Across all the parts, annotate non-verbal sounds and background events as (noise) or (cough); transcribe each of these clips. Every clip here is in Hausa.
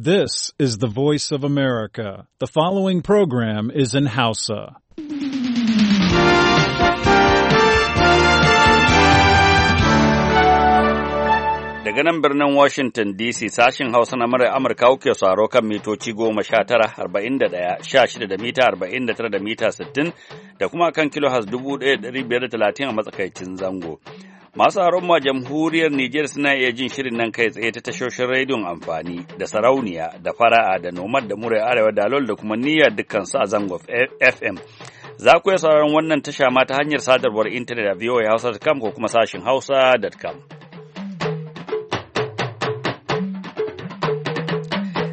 This is the voice of America. The following program is in Hausa. Daga nan birnin Washington DC sashin Hausa na murar Amurka kuke saro kan mitoci goma sha tara, arba'in da ɗaya, sha shida da mita, arba'in da tara da mita sittin da kuma kan kilo has dubu ɗaya da biyar da talatin a matsakaicin zango. Masu haron ma jamhuriyar Nijar suna iya jin shirin nan kai tsaye ta tashoshin rediyon amfani da sarauniya da fara'a da nomad da murai arewa da da kuma dukkan dukkansu a zango FM. Za ku iya sauraron wannan tasha ma ta hanyar sadarwar intanet a voahausa.com ko kuma sashin hausa.com.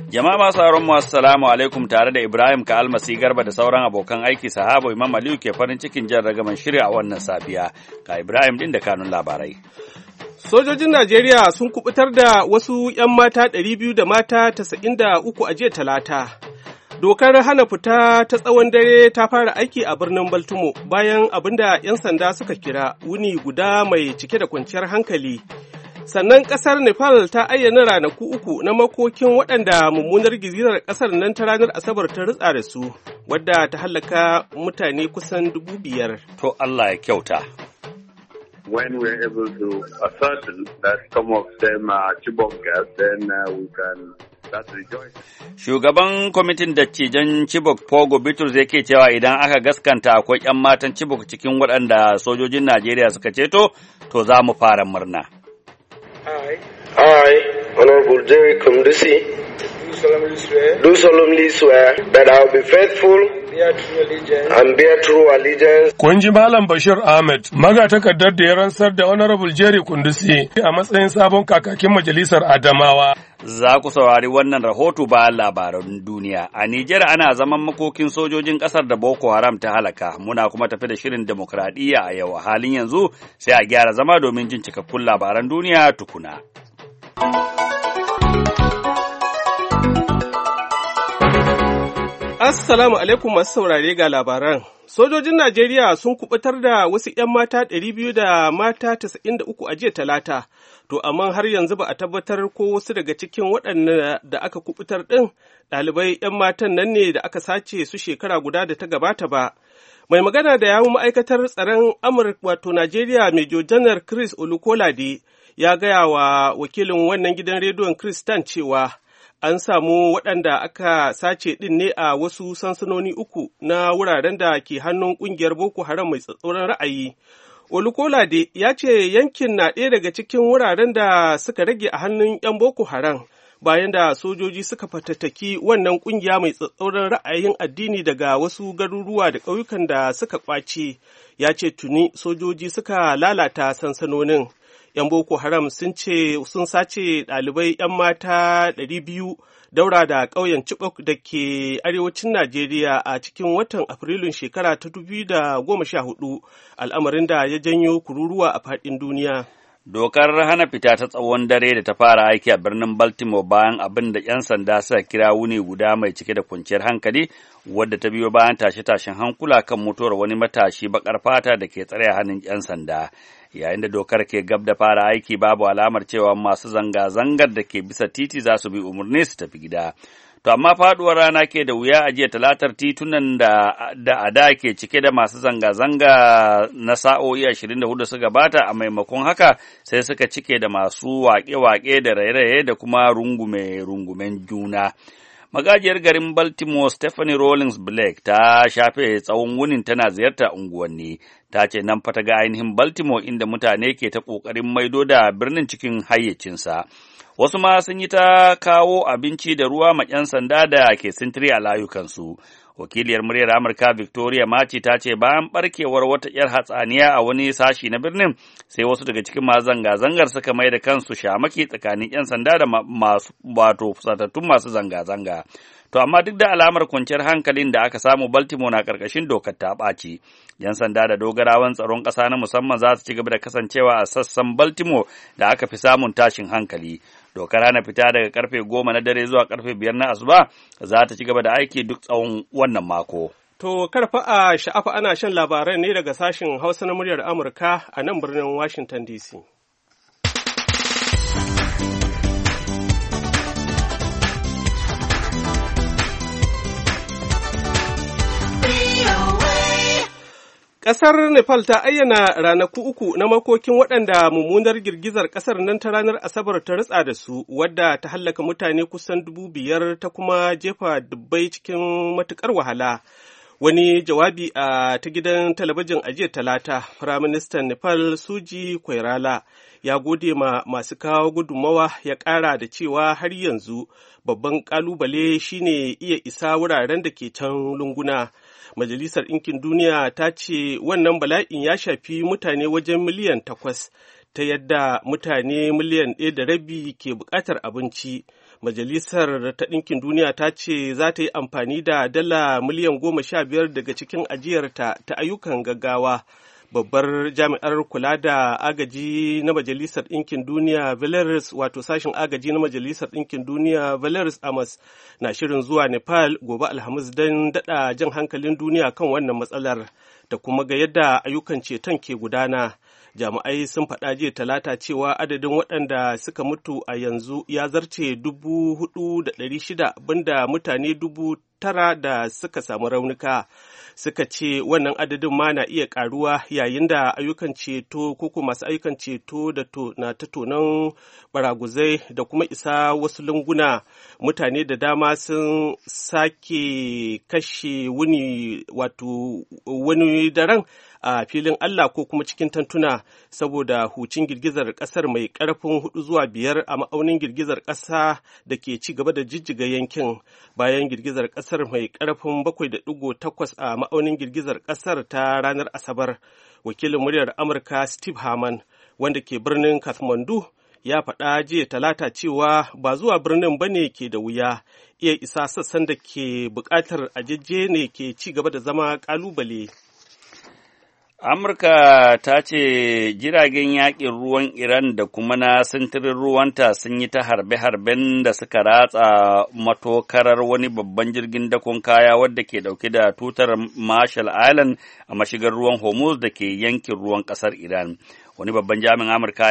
Jama'a masu sauran mu assalamu alaikum tare da Ibrahim ka almasi garba da sauran abokan aiki sahabo Imam Aliyu ke farin cikin jan ragaman shirya a wannan safiya. Ka Ibrahim din da kanun labarai. Sojojin Najeriya sun kubutar da wasu 'yan mata 200 da mata 93 a jiya talata. Dokar hana fita ta tsawon dare ta fara aiki a birnin Baltumo, bayan abinda 'yan sanda suka kira wuni guda mai cike da kwanciyar hankali. sannan kasar nepal ta ayyana ranaku uku na makokin waɗanda mummunar girgizar ƙasar nan ta ranar asabar ta rutsa da su wadda ta hallaka mutane kusan dubu biyar to allah ya kyauta when are able to ascertain that some of them are then uh, we can Shugaban kwamitin dattijan Chibok Pogo Bitrus yake cewa idan aka gaskanta akwai 'yan matan Chibok cikin waɗanda sojojin Najeriya suka ceto, to za mu fara murna. I. I. Honorable Jerry Kumdusi, do solemnly swear that I will be faithful and bear true allegiance. Kun Malam Bashir Ahmed, Maga magatakardar da ya rantsar da Honorable Jerry Kundusi a matsayin sabon kakakin majalisar Adamawa. Za ku saurari wannan rahoto bayan labaran duniya. A Nijar ana zaman makokin sojojin ƙasar da Boko Haram ta halaka. Muna kuma tafi da shirin demokradiyya a yau. halin yanzu sai a gyara zama domin jin cikakkun labaran duniya tukuna. Assalamu alaikum masu saurare ga labaran. Sojojin Najeriya sun kubutar da wasu 'yan mata 200 da mata 93 a jiya talata, to amma har yanzu ba a tabbatar ko wasu daga cikin waɗanda da aka kubutar ɗin ɗalibai 'yan matan nan ne da aka sace su shekara guda da ta gabata ba. Mai magana da yawun ma'aikatar tsaron Amurka wato Najeriya Major Janar Chris Olukolade ya gaya wa wakilin wannan gidan rediyon kristan cewa an samu waɗanda aka sace ɗin ne a wasu sansanoni uku na wuraren da ke hannun ƙungiyar boko haram mai tsatsauran ra'ayi olukolade ya ce yankin na ɗaya daga cikin wuraren da suka rage a hannun 'yan boko haram bayan da sojoji suka fatattaki wannan ƙungiya mai tsatsauran ra'ayin addini daga wasu garuruwa da ƙauyukan da suka kwace ya ce tuni sojoji suka lalata sansanonin 'yan boko haram sun ce sun sace ɗalibai 'yan mata 200 daura da ƙauyen Cibok da ke arewacin najeriya a cikin watan afrilun shekara ta 2014 al'amarin da ya janyo kururuwa a faɗin duniya dokar hana fita ta tsawon dare da ta fara aiki a birnin baltimore bayan abin da 'yan sanda suka kira wuni guda mai cike da kwanciyar hankali wadda ta biyo bayan tashe-tashen hankula kan mutuwar wani matashi bakar fata da ke tsare hannun 'yan sanda yayin da dokar ke gab da fara aiki babu alamar cewa masu zanga-zangar da ke bisa titi za su bi umarni su tafi gida to amma faduwar rana ke da wuya a jiya talatar titunan da da ada ke cike da masu zanga-zanga na sa'o'i hudu su gabata a maimakon haka sai suka cike da masu waƙe-waƙe da raye-raye da kuma rungume-rungumen juna magajiyar garin Baltimore Stephanie Rawlings Blake ta shafe tsawon wunin tana ziyarta unguwanni ta ce nan fa ta ga ainihin Baltimore inda mutane ke ta ƙoƙarin maido da birnin cikin hayyacinsa. Wasu ma sun yi ta kawo abinci da ruwa ma 'yan sanda da ke sintiri a layukansu. Wakiliyar muryar Amurka Victoria Maci ta ce bayan barkewar wata 'yar hatsaniya a wani sashi na birnin sai wasu daga cikin ma zanga-zangar suka mai da kansu shamaki tsakanin 'yan sanda da masu wato fusatattun masu zanga-zanga. To amma duk da alamar kwanciyar hankalin da aka samu Baltimore na ƙarƙashin dokar ta ɓaci. Yan sanda da dogarawan tsaron ƙasa na musamman za su ci gaba da kasancewa a sassan Baltimore da aka fi samun tashin hankali. Dokar hana fita daga ƙarfe goma na dare zuwa ƙarfe biyar na asuba za ta ci gaba da aiki duk tsawon wannan mako. To karfa a sha'afa ana shan labarai ne daga sashen Hausa na muryar Amurka a nan birnin Washington DC. Ƙasar Nepal ta ayyana ranaku uku na makokin waɗanda mummunar girgizar ƙasar nan ta ranar Asabar ta ritsa da su, wadda ta hallaka mutane kusan dubu biyar ta kuma jefa dubbai cikin matuƙar wahala. Wani jawabi a ta gidan talabijin a talata, Firaministan Nepal Suji Kwairala ya gode ma masu kawo gudummawa ya ƙara da cewa har yanzu babban ƙalubale shine iya isa wuraren da ke can lunguna. Majalisar Ɗinkin Duniya ta ce wannan bala'in ya shafi mutane wajen miliyan takwas ta yadda mutane miliyan ɗaya da rabi ke buƙatar abinci. Majalisar ta ɗinkin duniya ta ce za ta yi amfani da dala miliyan goma sha biyar daga cikin ajiyarta ta ayyukan gaggawa babbar jami'ar kula da agaji na majalisar ɗinkin duniya valeris wato sashen agaji na majalisar ɗinkin duniya valeris amas na shirin zuwa nepal gobe alhamis don daɗa jan hankalin duniya kan wannan matsalar da kuma ga yadda ayyukan ceton ke gudana jami'ai sun faɗa jiya talata cewa adadin waɗanda suka mutu a yanzu ya zarce dubu hudu da mutane dubu tara da suka samu raunuka suka ce wannan adadin ma na iya karuwa yayin da ayyukan ceto kuma masu ayyukan ceto da na ta tonon baraguzai da kuma isa wasu lunguna mutane da dama sun sake kashe wuni wato wani daren a filin Allah ko kuma cikin tantuna saboda hucin girgizar kasar mai karfin hudu zuwa biyar a ma'aunin girgizar kasa da ke ci gaba da jijjiga yankin bayan girgizar ƙasa kasar mai ƙarfin 7.8 a ma'aunin girgizar ƙasar ta ranar Asabar. Wakilin muryar Amurka Steve Harman, wanda ke birnin Kathmandu, ya faɗa jiya talata cewa ba zuwa birnin ba ne ke da wuya iya isa sassan da ke buƙatar ajejje ne ke ci gaba da zama ƙalubale. Amurka ta ce jiragen yaƙin ruwan Iran da kuma na sintirin ruwanta sun yi ta harbe-harben da suka ratsa matokarar wani babban jirgin dakon kaya wadda ke ɗauke da tutar Marshall Island a mashigar ruwan Hormuz da ke yankin ruwan ƙasar Iran. wani babban jami'in amurka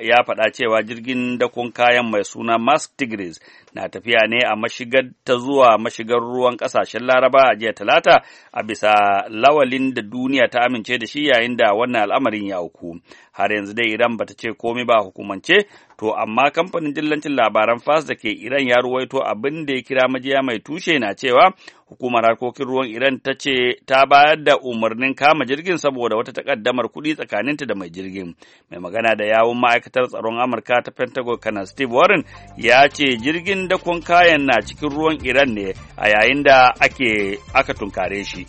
ya faɗa cewa jirgin dakon kayan mai suna mask tigris na tafiya ne a mashigar ta zuwa mashigar ruwan ƙasashen laraba a jiya talata a bisa lawalin da duniya ta amince da shi yayin da wannan al'amarin ya auku har yanzu dai iran bata ce komai ba hukumance to amma kamfanin dillancin labaran fas da ke iran ya ruwaito abin da ya kira majiya mai tushe na cewa hukumar harkokin ruwan iran ta ce ta bayar da umarnin kama jirgin saboda wata takaddamar kuɗi tsakaninta da mai jirgin mai magana da yawun ma'aikatar tsaron amurka ta pentagon kana steve warren ya ce jirgin dakon kayan na cikin ruwan iran ne a yayin da ake aka tunkare shi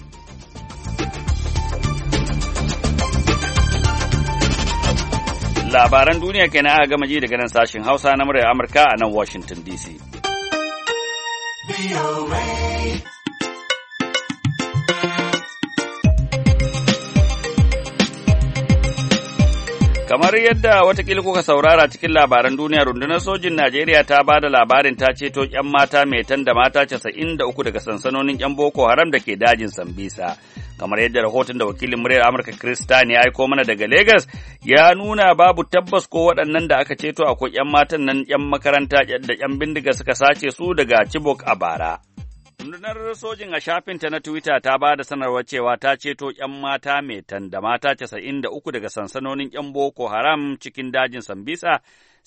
labaran duniya kenan a gama ji daga nan sashen hausa na muryar amurka a nan washington dc kamar yadda watakila kuka saurara cikin labaran duniya rundunar sojin najeriya ta ba da labarin ta ceto 'yan mata mai da mata casa'in da uku daga sansanonin 'yan boko haram da ke dajin sambisa kamar yadda rahoton da wakilin muryar Amurka Kristan ya aiko mana daga Legas ya nuna babu tabbas ko waɗannan da aka ceto akwai 'yan matan nan 'yan makaranta da 'yan bindiga suka sace su daga Chibok a bara. Rundunar sojin a shafinta na Twitter ta ba da sanarwar cewa ta ceto ‘yan mata mai da mata casa'in da uku daga sansanonin ‘yan Boko Haram cikin dajin Sambisa,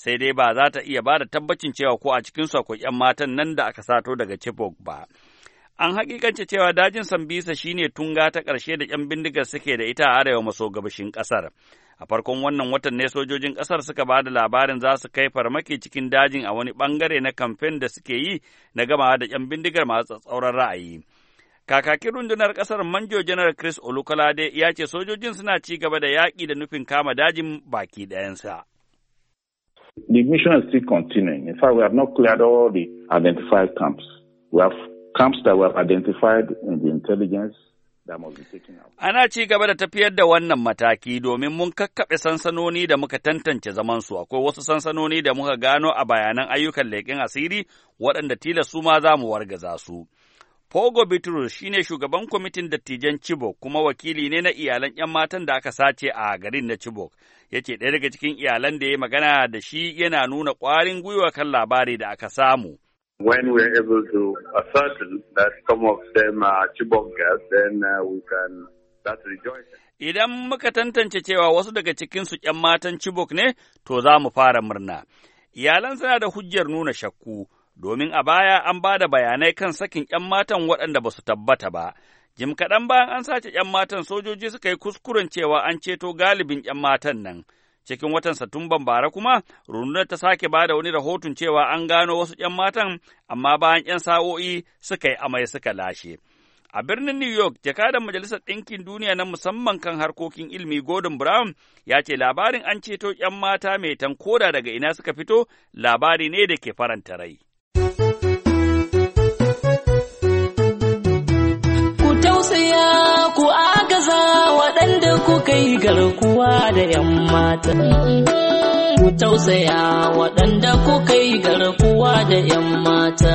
sai dai ba za ta iya ba da tabbacin cewa ko a cikinsu akwai ‘yan matan nan da aka sato daga Chibok ba. An hakikance cewa dajin Sambisa shine tunga ta ƙarshe da ‘yan bindigar suke da ita a arewa maso gabashin ƙasar. A farkon wannan watan ne sojojin ƙasar suka ba da labarin za su kai farmaki cikin dajin a wani bangare na kamfen da suke yi na gama da ‘yan bindigar masu tsatsauran ra'ayi. Kakakin rundunar ƙasar Manjo Janar Chris Olukolade ya ce sojojin suna ci gaba da yaƙi da nufin kama dajin baki ɗayansa. The mission is still continuing. In fact, we have not cleared all the identified camps. We have camps that were identified in the intelligence that Ana ci gaba da tafiyar da wannan mataki domin mun kakkaɓe sansanoni da muka tantance zamansu, akwai wasu sansanoni da muka gano a bayanan ayyukan leƙen asiri waɗanda tilas su ma za mu wargaza su. Pogo Bitrus shi ne shugaban kwamitin dattijan Chibok kuma wakili ne na iyalan 'yan matan da aka sace a garin na Chibok. Ya ce ɗaya daga cikin iyalan da ya magana da shi yana nuna ƙwarin gwiwa kan labari da aka samu. when are able to ascertain that some of them are Chibok gas, then uh, we can start rejoicing. Idan muka tantance cewa wasu daga cikinsu ‘yan matan Chibok ne, to za mu fara murna. Iyalan suna da hujjar nuna shakku, domin a baya an ba da bayanai kan sakin ‘yan matan waɗanda ba su tabbata ba. Jim kaɗan bayan an sace ‘yan matan sojoji suka yi kuskuren cewa an ceto galibin ‘yan matan nan. Cikin watan Satumban bara kuma, rundunar ta sake ba da wani rahoton cewa an gano wasu ‘yan matan, amma bayan ‘yan sa'o'i suka yi amai suka lashe. A birnin New York, jakadan Majalisar Ɗinkin Duniya na musamman kan harkokin ilmi Gordon Brown ya ce labarin an ceto ‘yan mata mai tankoda daga ina suka fito labari ne da ke faranta rai. ku kai garkuwa da yan mata. Ku tausaya waɗanda kuka kai garkuwa da yan mata.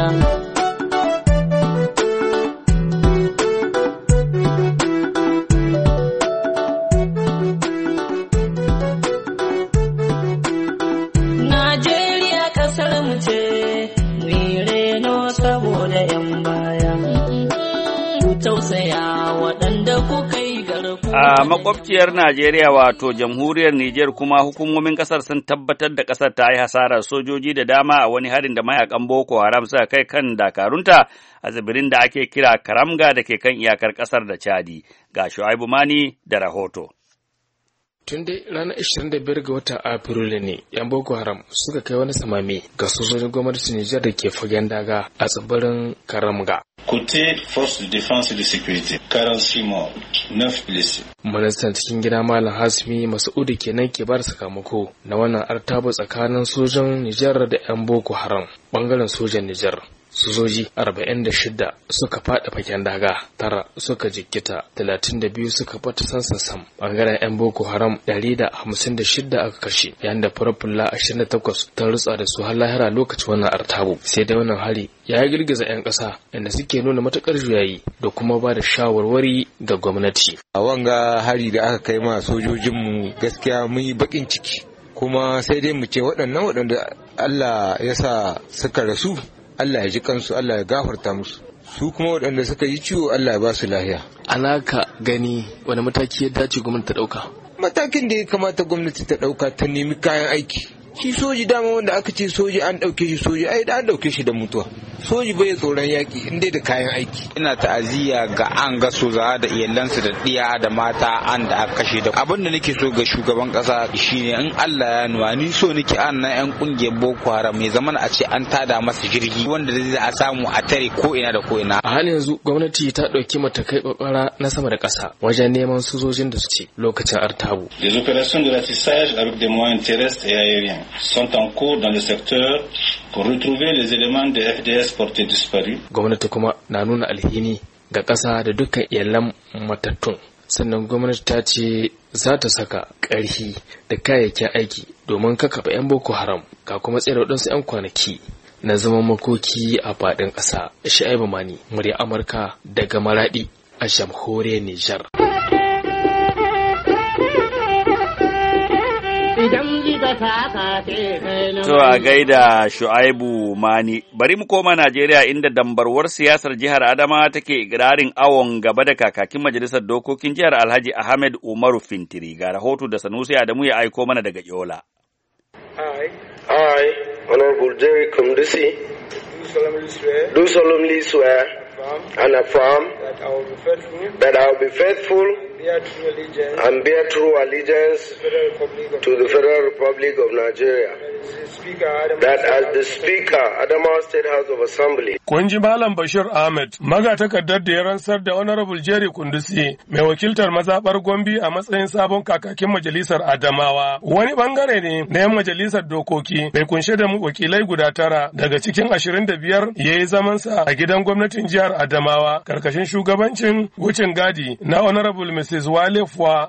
ce, mu Saboda ‘yan baya, ku tausaya waɗanda kuka A makwabciyar Najeriya wato jamhuriyar Nijar kuma hukumomin kasar sun tabbatar da kasar ta yi hasarar sojoji da dama a wani harin da mayakan Boko Haram suka kai kan dakarunta a tsibirin da ake kira Karamga da ke kan iyakar kasar da Chadi. Ga Shu'aibu Mani da rahoto. tun dai ranar 25 ga watan afrilu ne yan boko haram suka kai wani samami ga sojojin gwamnatin nijar da ke fagen daga a tsibirin karamga Côté force de défense et de sécurité, 46 morts, 9 cikin gida Malam Hasmi Mas'udu kenan ke bar sakamako na wannan artabu tsakanin sojan Nijar da 'yan Boko Haram bangaren sojan Nijar. sojoji 46 suka fada faken daga tara suka jikita 32 suka fata sam. bangaren 'yan boko haram 156 aka kashe yayin da farfulla 28 ta rutsa da su har lahira lokacin wannan artabu sai da wannan hari ya girgiza 'yan ƙasa inda suke nuna matukar juyayi da kuma ba da shawarwari ga gwamnati a wanga hari da aka kai ma sojojinmu gaskiya mun yi bakin ciki kuma sai dai mu ce waɗannan waɗanda Allah ya sa suka rasu Allah ya ji kansu Allah ya gafarta musu su kuma waɗanda suka yi ciwo Allah ya ba su lahiya alaka gani wani mataki ya dace gwamnati ta ɗauka matakin da ya kamata gwamnati ta ɗauka ta nemi kayan aiki shi soji dama wanda aka ce soji an ɗauke shi soji ai da an dauke shi da mutuwa soji bai tsoron yaki in dai da kayan aiki ina ta'aziyya ga an ga soza da iyalansu da ɗiya da mata an da aka kashe da abin da nake so ga shugaban kasa. shine in Allah ya nuna ni so nake an na yan kungiyar Boko Haram mai zaman a ce an tada masa jirgi wanda zai a samu a tare ko ina da ko ina a halin yanzu gwamnati ta ɗauki matakai babbara na sama da kasa wajen neman sojojin da su ce lokacin artabu des opérations de ratissage avec des moyens terrestres et aériens sont en cours dans le secteur pour retrouver les éléments de FDS portés disparus. Gwamnati kuma na nuna alhini ga ƙasa da dukkan iyalan matattun. Sannan gwamnati ta ce za ta saka ƙarfi da kayayyakin aiki domin kakaba 'yan Boko Haram ga kuma tsere waɗansu 'yan kwanaki na zaman makoki a faɗin ƙasa. Sha'ibu Mani, murya Amurka daga Maraɗi a jamhuriyar Nijar. To a gaida Shu'aibu Mani, bari mu koma Najeriya inda dambarwar siyasar jihar Adama take ikirarin awon gaba da kakakin majalisar dokokin jihar Alhaji Ahmed Umaru Fintiri ga rahoto da Sanusi Adamu ya aiko mana daga Yola. Hi, hi, Honorable Jerry Do solemnly swear. And affirm. I will be faithful. That I will be faithful. and bear true allegiance to the Federal Republic of Nigeria Kun ji Malam Bashir Ahmed, magatakardar da ya rantsar da Honorable Jerry Kundusi, mai wakiltar mazaɓar Gombe a matsayin sabon kakakin majalisar Adamawa. Wani bangare ne na yan majalisar dokoki mai kunshe da wakilai guda tara daga cikin ashirin da biyar ya yi zamansa a gidan gwamnatin jihar Adamawa karkashin shugabancin wucin gadi na Honorable Mrs. Wale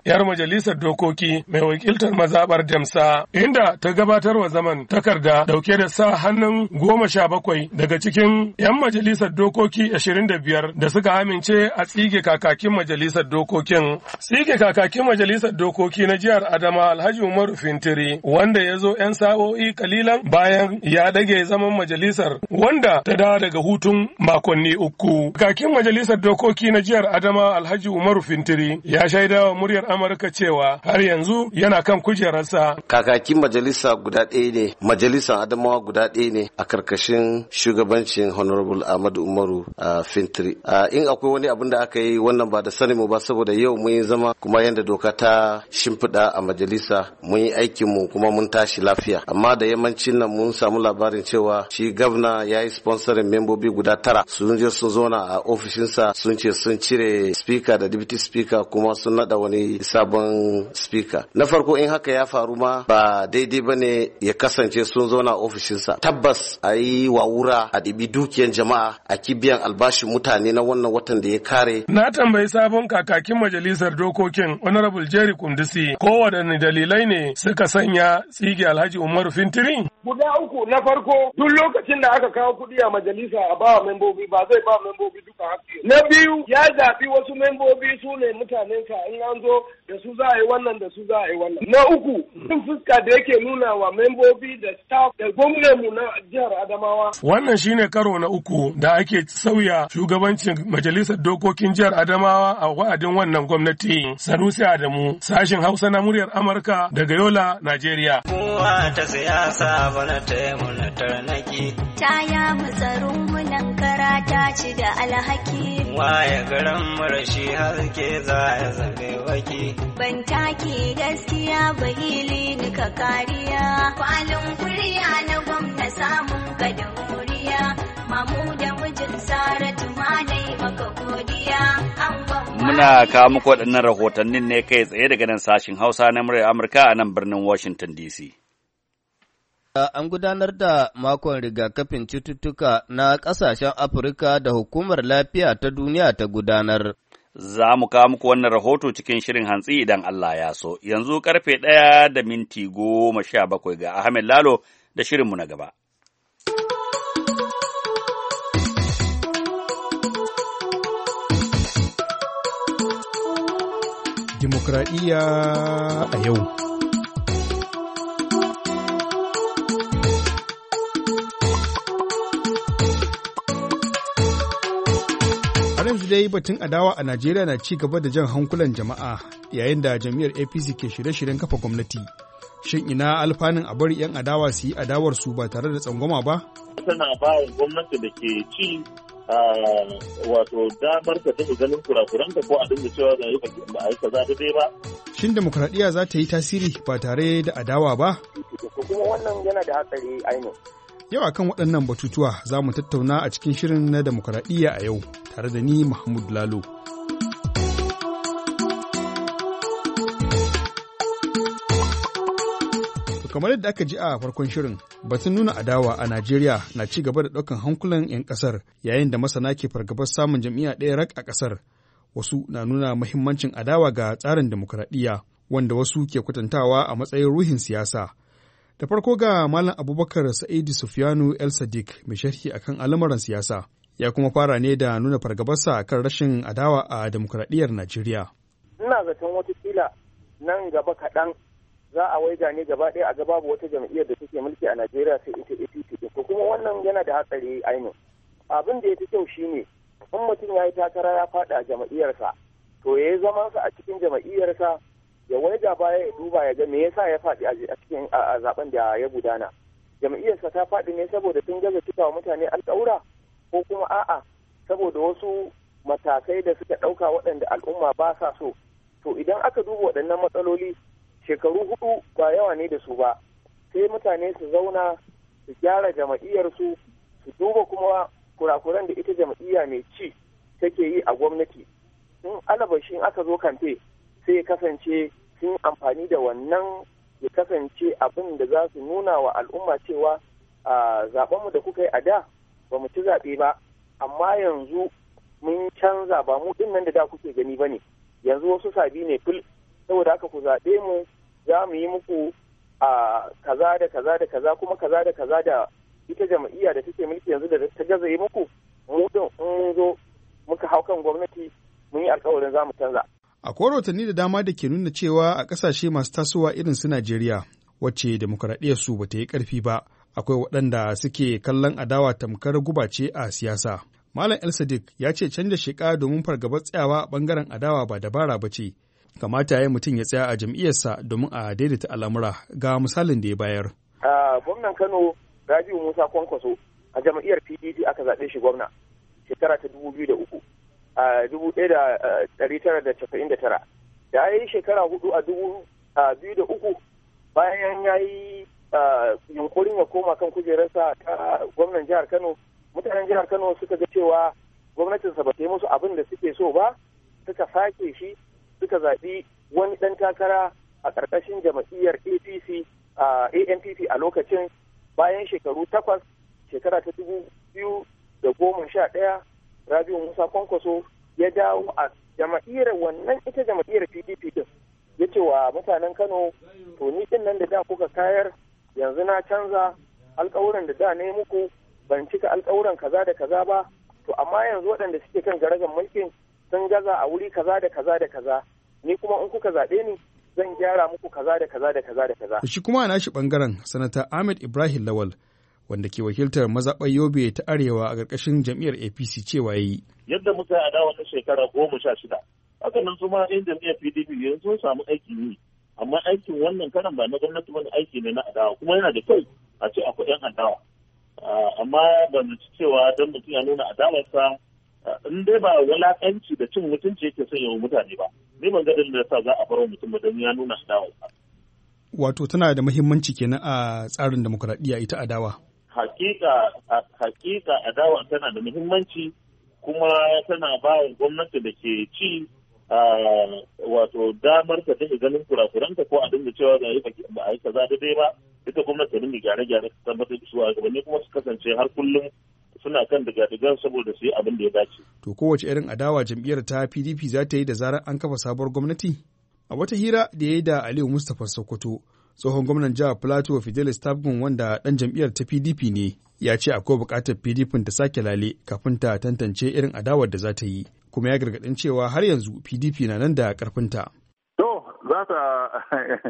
'yar majalisar dokoki mai wakiltar mazaɓar Damsa, inda ta gabatar wa zaman takarda dauke da sa hannun goma sha bakwai daga cikin 'yan majalisar dokoki ashirin da biyar da suka amince a tsige kakakin majalisar dokokin. Tsige kakakin majalisar dokoki na jihar Adama Alhaji Umaru Fintiri wanda ya zo 'yan sa'o'i kalilan bayan ya dage zaman majalisar wanda ta dawo daga hutun makonni uku. Kakakin majalisar dokoki na jihar Adama Alhaji Umaru Fintiri ya shaida wa muryar Amurka cewa har yanzu yana kan kujerarsa. Kakakin majalisa guda ɗaya ne majalisar adamawa guda ɗaya ne a karkashin shugabancin honorable ahmadu umaru a fintiri in akwai wani abin da aka yi wannan ba da sani mu ba saboda yau mun yi zama kuma yadda doka ta shimfiɗa a majalisa mun yi aikin mu kuma mun tashi lafiya amma da yammancin nan mun samu labarin cewa shi gwamna ya yi sponsorin membobi guda tara sun je sun a ofishinsa sun ce sun cire speaker da deputy speaker kuma sun naɗa wani sabon speaker na farko in haka ya faru ma ba daidai ne ya kasance sun zauna ofishinsa tabbas a yi wawura a ɗibi dukiyar jama'a a kibiyan albashin mutane na wannan watan da ya kare. Na tambayi sabon kakakin majalisar dokokin Honorable Jerry Kundisi kowaɗanne dalilai ne suka sanya tsige Alhaji Umaru Fintiri. guda uku na farko duk lokacin da aka kawo kuɗi a majalisa a bawa membobi ba zai ba membobi duka haƙƙi na biyu ya zaɓi wasu membobi su ne mutanen sa in an zo da su za a yi wannan da su za a yi wannan na uku sun fuska da yake nuna wa membobi da staff da gwamnanmu na jihar Adamawa wannan shine karo na uku da ake sauya shugabancin majalisar dokokin jihar Adamawa a wa'adin wannan gwamnati Sanusi Adamu sashin Hausa na muryar Amurka daga Yola Najeriya kowa siyasa bana taimuna tarnaki. Ta ya musa rungunan kara ta ci da alhaki. Waye garin marashi haske za ya zabe waki. Ban take gaskiya ba hili ni ka kariya. Kwalin kuriya na gwamna samun ka da moriya. Mamu da mijin Saratu ma dai maka godiya. Muna kawo muku waɗannan rahotannin ne kai tsaye daga nan sashin Hausa na muryar Amurka a nan birnin Washington DC. An gudanar da makon rigakafin cututtuka na ƙasashen Afirka da Hukumar Lafiya ta Duniya ta gudanar. Za mu kawo muku wannan rahoto cikin shirin hantsi idan Allah ya so. Yanzu karfe ɗaya da minti goma sha bakwai ga Ahmed Lalo da shirinmu na gaba. Dimokuraɗiyya a yau. yanzu dai batun adawa a Najeriya na ci gaba da jan hankulan jama'a yayin da jam'iyyar APC ke shirye-shiryen kafa gwamnati. Shin ina alfanun a bari 'yan adawa su yi adawar su ba tare da tsangwama ba? Tana ba gwamnati da ke ci wato damar ka taɓa ganin kurakuran ko a dinga cewa da ba a yi kaza da dai ba. Shin demokuraɗiyya za ta yi tasiri ba tare da adawa ba? Kuma wannan yana da hatsari ainihin. Yau akan waɗannan batutuwa za mu tattauna a cikin shirin na demokuraɗiyya a yau tare da ni Mahmud Lalo. kamar yadda aka ji a farkon shirin batun nuna adawa a najeriya na ci gaba da ɗaukan hankulan 'yan ƙasar yayin da masana ke fargabar samun jam'iyya ɗaya rak a ƙasar wasu na nuna mahimmancin adawa ga tsarin demokuraɗiyya wanda wasu ke kwatantawa a matsayin ruhin siyasa Da farko ga Malam Abubakar Sa'idu Sufyanu El Sadiq mai sharhi akan al'amuran siyasa. Ya kuma fara ne da nuna fargabarsa kan rashin adawa a demokuraɗiyar Najeriya. Ina zaton wata watakila nan gaba kaɗan za a waiga ne gaba ɗaya a gaba wata jam'iyyar da take mulki a Najeriya sai ita APC ko kuma wannan yana da hatsari ainihin. Abin da ya fi kyau shine in mutum ya yi takara ya faɗa jam'iyyarsa to ya yi zamansa a cikin jam'iyyarsa ya waiga baya ya duba ya ga me yasa ya faɗi a cikin zaben da ya gudana jam'iyyarsa ta faɗi ne saboda sun gaza cika wa mutane alƙawura ko kuma a'a saboda wasu matakai da suka ɗauka waɗanda al'umma ba sa so to idan aka duba waɗannan matsaloli shekaru hudu ba yawa ne da su ba sai mutane su zauna su gyara jam'iyyarsu su duba kuma kurakuran da ita jam'iyya mai ci take yi a gwamnati in alabashin aka zo kamfe sai ya kasance sun amfani da wannan ya kasance abin da za su nuna wa al'umma cewa a zaɓenmu da kuka yi a da ba mu ci zaɓe ba amma yanzu mun canza ba mu ɗin nan da da kuke gani ba ne yanzu wasu sabi ne fil saboda haka ku zaɓe mu za mu yi muku a kaza da kaza da kaza kuma kaza da kaza da ita jama'iyya da take mulki yanzu da ta gaza yi muku mu din in mun zo muka hau kan gwamnati mun yi alkawarin za mu canza Akwai rahotanni da dama da ke nuna cewa a kasashe masu tasowa irin su Najeriya, wacce demokuraɗiyyar su bata yi karfi ba, akwai waɗanda suke kallon adawa tamkar gubace a siyasa. Malam El Sadiq ya ce canja sheka domin fargabar tsayawa a ɓangaren adawa ba dabara ba ce. Kamata ya yi mutum ya tsaya a jam'iyyarsa domin a daidaita al'amura ga misalin da ya bayar. Gwamnan Kano Rabiu Musa Kwankwaso a jam'iyyar PDP aka zaɓe shi gwamna shekara ta dubu biyu da uku. a dubu ɗaya da tara da casa'in da tara da ya yi shekara hudu a dubu biyu da uku bayan ya yi yunkurin ya koma kan kujerarsa ta gwamnan jihar kano mutanen jihar kano suka ga cewa gwamnatinsa ba ta yi musu abin da suke so ba suka sake shi suka zaɓi wani ɗan takara a ƙarƙashin jam'iyyar apc a anpp a lokacin bayan shekaru takwas shekara ta dubu biyu da goma sha ɗaya rabiu musa kwankwaso ya dawo a jama'iyar wannan ita jama'iyar pdp din ya ce wa mutanen kano to ni din nan da da kuka kayar yanzu na canza alkawuran da da ne muku ban cika alkawuran kaza da kaza ba to amma yanzu waɗanda suke kan garagan mulkin sun gaza a wuri kaza da kaza da kaza ni kuma in kuka zaɓe ni zan gyara muku kaza da kaza da kaza da kaza. Shi kuma a nashi ɓangaren sanata Ahmed Ibrahim Lawal wanda ke wakiltar mazaɓar yobe ta arewa a ƙarƙashin jam'iyyar apc cewa yi yadda muka yi adawa ta shekara goma sha shida haka nan kuma yan jam'iyyar pdp yanzu sun samu aiki ne amma aikin wannan karan ba na gwamnati wani aiki ne na adawa kuma yana da kyau a ce akwai yan adawa ah, amma ban ci cewa don mutum ya nuna adawarsa ah, in dai ba wulakanci da cin mutunci yake son yawan mutane ba ni ban ga dalilin sa za a bar mutum don ya nuna adawarsa wato tana da muhimmanci kenan a tsarin demokuraɗiyya ita adawa hakika hakika adawa tana da muhimmanci kuma tana ba gwamnati da ke ci wato damar ta dinga ganin kurakuranta ko a dinga cewa ba a yi kaza daidai ba ita gwamnati ta gyare-gyare ta tabbatar da suwa a ne kuma su kasance har kullum suna kan digadigan saboda su yi abin da ya dace. To kowace irin adawa jam'iyyar ta PDP za ta yi da zarar an kafa sabuwar gwamnati? A wata hira da ya yi da Aliyu Mustapha Sokoto, tsohon gwamnan jihar plateau fidelis tabgun wanda ɗan jam'iyyar ta pdp ne ya ce akwai buƙatar pdp ta sake lale kafin ta tantance irin adawar da za ta yi kuma ya gargaɗin cewa har yanzu pdp na nan da ƙarfinta. to za ta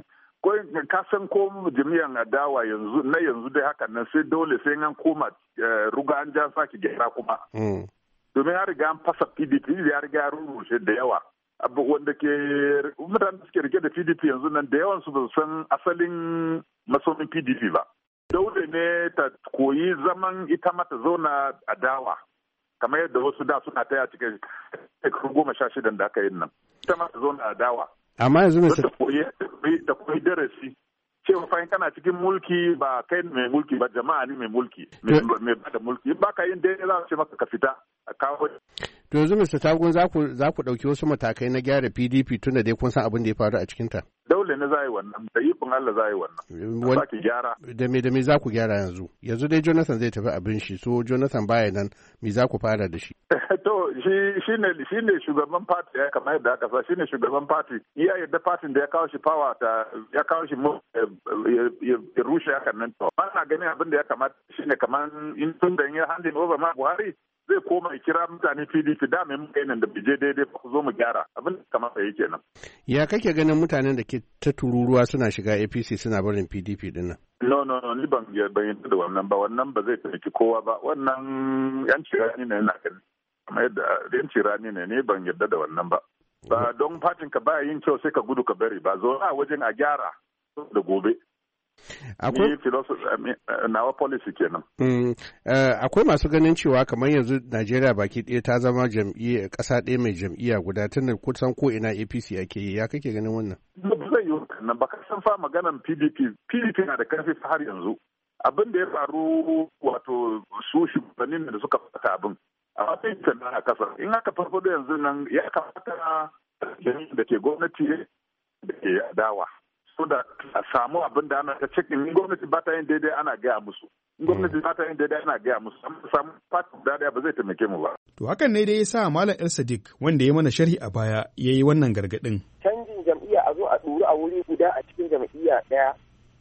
(laughs) ka san ko jami'an adawa yanzu na yanzu dai haka nan sai dole sai an koma eh, ruga an ja sake gyara kuma mm. domin ya riga an fasa pdp ya riga ya rurrushe da yawa wanda ke mutane suke rike da pdp yanzu nan da yawan su ba san asalin masomin pdp ba dole ne ta koyi zaman ita mata zauna a dawa kamar yadda wasu da suna taya cikin shekaru goma sha shidan da aka yi nan ita mata zauna a dawa amma yanzu mai ta koyi darasi cewa fahim kana cikin mulki ba kai mai mulki ba jama'a ne mai mulki mai ba da mulki ba ka yin daidai za su ce maka ka fita a kawo To yanzu Mr. Tagun za ku ɗauki wasu matakai na gyara PDP tun da dai kun san abin da ya faru a cikinta. Dole ne za a yi wannan, da ikon Allah za a yi wannan. Za ki gyara. Da me da me za ku gyara yanzu? Yanzu dai Jonathan zai tafi abin shi, so Jonathan baya nan, me za ku fara da shi? (laughs) To shi ne shi ne shugaban party ya kamar yadda aka sa shi ne shugaban party iya yadda party da ya kawo shi power ta ya kawo shi eh, ya rushe hakan nan to. Ba na ganin abin da ya kamata shi ne kamar in tun da ya handing over ma Buhari zai koma kira mutane pdp da mai muka nan da bije daidai ba ku zo mu gyara abin da kamata yake nan. ya kake ganin mutanen da ke ta tururuwa suna shiga apc suna barin pdp din nan. no no no ni ban yadda da wannan ba wannan ba zai taimaki kowa ba wannan yan ni ne na gani amma yadda yan cirani ne ne ban yarda da wannan ba. ba don fatin ka baya yin kyau sai ka gudu ka bari ba zo a wajen a gyara da gobe Akwai uh, nawa policy kenan. Mm, uh, akwai masu ganin cewa kamar yanzu Najeriya baki ɗaya ta zama jam'iyya ƙasa ɗaya mai jam'iyya guda tana kusan ko ina APC ake yi ya kake ganin wannan. Zai yi wannan ba ka san fa maganan PDP PDP na da karfi har yanzu. Abin da ya faru wato su shugabannin da suka fata abin. Amma sai sannan a ƙasa in aka farfado yanzu nan ya kamata da ke gwamnati da ke adawa. da a samu abin da ana cikin in gwamnati ba ta yin daidai ana gaya musu in gwamnati ba ta yin daidai ana gaya musu amma samu fata da daya ba zai taimake mu ba to hakan ne dai ya sa malam el sadiq wanda ya mana sharhi a baya yayi wannan gargadin canjin jam'iyya a zo a duru a wuri guda a cikin jam'iyya daya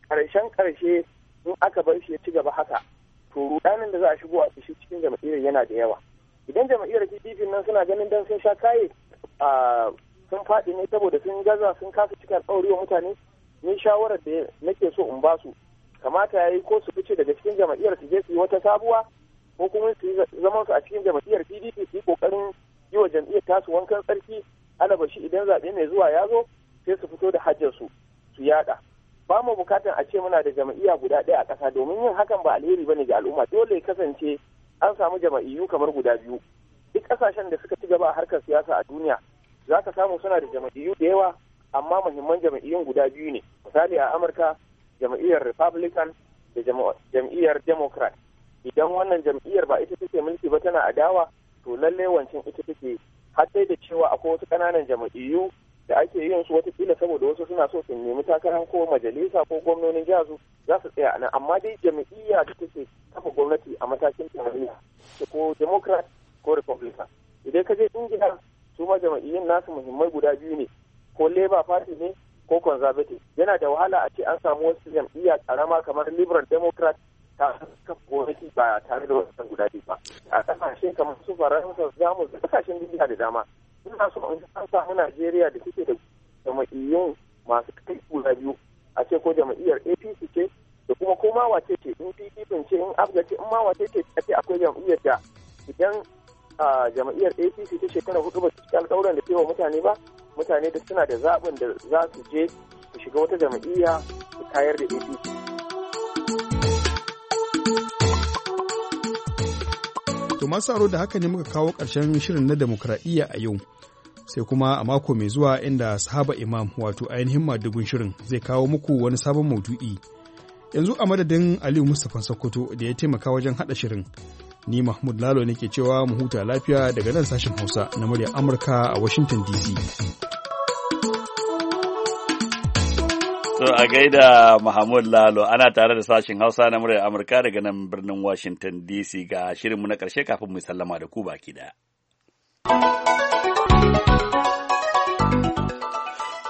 karshen karshe in aka bar shi ya ci gaba haka to rudanin da za a shigo a shi cikin jam'iyyar yana da yawa idan jam'iyyar pdp nan suna ganin dan sun sha kaye sun faɗi ne saboda sun gaza sun kasa cika alƙawari wa mutane ni shawarar da nake so in ba su kamata ya yi ko su fice daga cikin jama'iyyar su je su yi wata sabuwa ko kuma su yi su a cikin jama'iyyar pdp su yi kokarin yi wa jam'iyyar tasu wankan tsarki shi idan zaɓe mai zuwa ya zo sai su fito da hajjar su su yaɗa ba mu bukatan a ce muna da jama'iyya guda ɗaya a ƙasa domin yin hakan ba alheri ne ga al'umma dole ya kasance an samu jama'iyyu kamar guda biyu duk ƙasashen da suka ci gaba a harkar siyasa a duniya za ka samu suna da jama'iyyu da yawa amma muhimman jam'iyyun guda biyu ne misali a amurka jam'iyyar republican da jam'iyyar democrat idan wannan jam'iyyar ba ita take mulki ba tana adawa to lalle wancan ita take har sai da cewa akwai wasu kananan jam'iyyu da ake yin su watakila saboda wasu suna so su nemi takarar ko majalisa ko gwamnonin jazu za su tsaya nan amma dai jam'iyya da take kafa gwamnati a matakin tarayya ko democrat ko republican idan ka je ingila su ma jam'iyyun nasu muhimmai guda biyu ne ko labour party ne ko conservative yana da wahala a ce an samu wasu jam'iyya karama kamar liberal democrat ta suka gwamnati ba tare da wasu guda biyu ba a kasashe kamar su faransa zamu da kasashen duniya da dama ina so in an samu najeriya da suke da jama'iyyun masu kai guda biyu a ce ko jama'iyyar apc ce da kuma ko ma wace ce in pdp ce in abga ce in ma wace ce akwai jam'iyyar da idan a jam'iyyar apc ta shekara hudu ba su ci alkawuran da wa mutane ba mutane da suna da zaɓin da za su je su shiga wata jam'iyya su kayar da apc To masu da haka ne muka kawo ƙarshen shirin na demokradiyya a yau. Sai kuma a mako mai zuwa inda sahaba imam wato ainihin madugun shirin zai kawo muku wani sabon maudu'i. Yanzu a madadin Aliyu Mustapha Sokoto da ya taimaka wajen haɗa shirin. ni mahmud lalo ne ke cewa mu huta lafiya daga nan sashen hausa na muryar amurka a washington dc So a gaida Mahmud Lalo ana tare da sashen Hausa na muryar Amurka daga nan birnin Washington DC ga shirinmu na ƙarshe kafin mu sallama da ku baki ɗaya.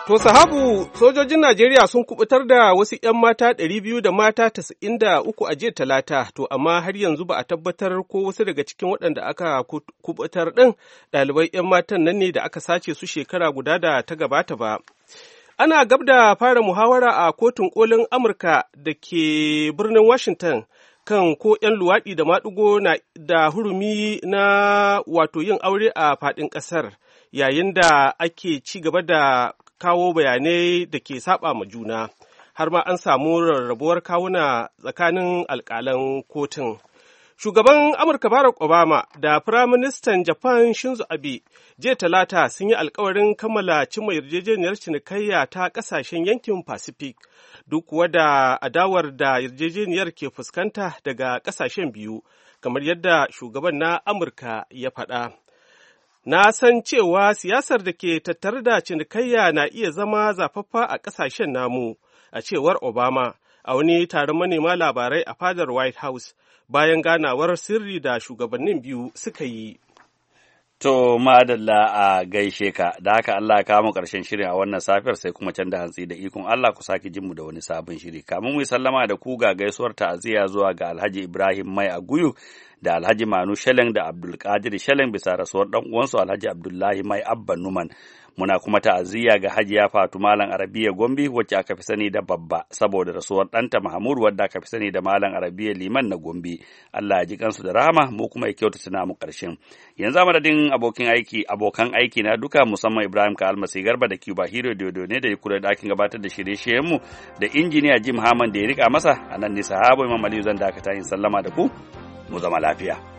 To sahabu sojojin Najeriya sun kubutar da wasu 'yan mata ɗari biyu da mata da uku a jiya talata, to amma har yanzu ba a tabbatar ko wasu daga cikin waɗanda aka kubutar ɗin ɗalibai 'yan matan nan ne da aka sace su shekara guda da ta gabata ba. Ana gab da fara muhawara a kotun kolin Amurka da ke birnin Washington kan ko 'yan luwaɗi da maɗigo da hurumi na wato yin aure a faɗin ƙasar. yayin da ake ci gaba da kawo bayanai da ke saba ma juna har ma an samu rarrabuwar kawuna tsakanin alkalan kotun shugaban amurka barack obama da firaministan japan shinzo abe jiya talata sun yi alkawarin kammala cimma yarjejeniyar cinikayya ta kasashen yankin pacific duk wada adawar da yarjejeniyar ke fuskanta daga kasashen biyu kamar yadda shugaban na amurka ya faɗa Na san cewa siyasar da ke tattare da cinikayya na iya zama zafaffa a ƙasashen namu, a cewar Obama, a wani taron manema labarai a fadar White House bayan ganawar sirri da shugabannin biyu suka yi. To madalla a gaishe ka da haka Allah ka kama karshen shirin a wannan safiyar sai kuma can da hantsi da ikon Allah ku sake jinmu da wani sabon shiri. Kamun mu sallama da ku ga gaisuwar ta'aziyya zuwa ga Alhaji Ibrahim Mai Aguyu da Alhaji Manu shalen da Abdulkadir shalen bisa rasuwar dan uwansu Alhaji Abdullahi Mai Abba Numan. muna kuma ta'aziyya ga hajiya fatu malam arabiya gombe wacce aka fi sani da babba saboda rasuwar ɗanta mahamudu wadda aka fi sani da malam arabiya liman na gombe allah ya ji kansu da rahama mu kuma ya kyautata namu ƙarshen yanzu madadin abokin aiki abokan aiki na duka musamman ibrahim ka almasi garba da cuba hero dodo ne da ya kula da ɗakin gabatar da shirye mu da injiniya jim haman da ya rika masa a nan ne sahabo imam aliyu zan dakata yin sallama da ku mu zama lafiya.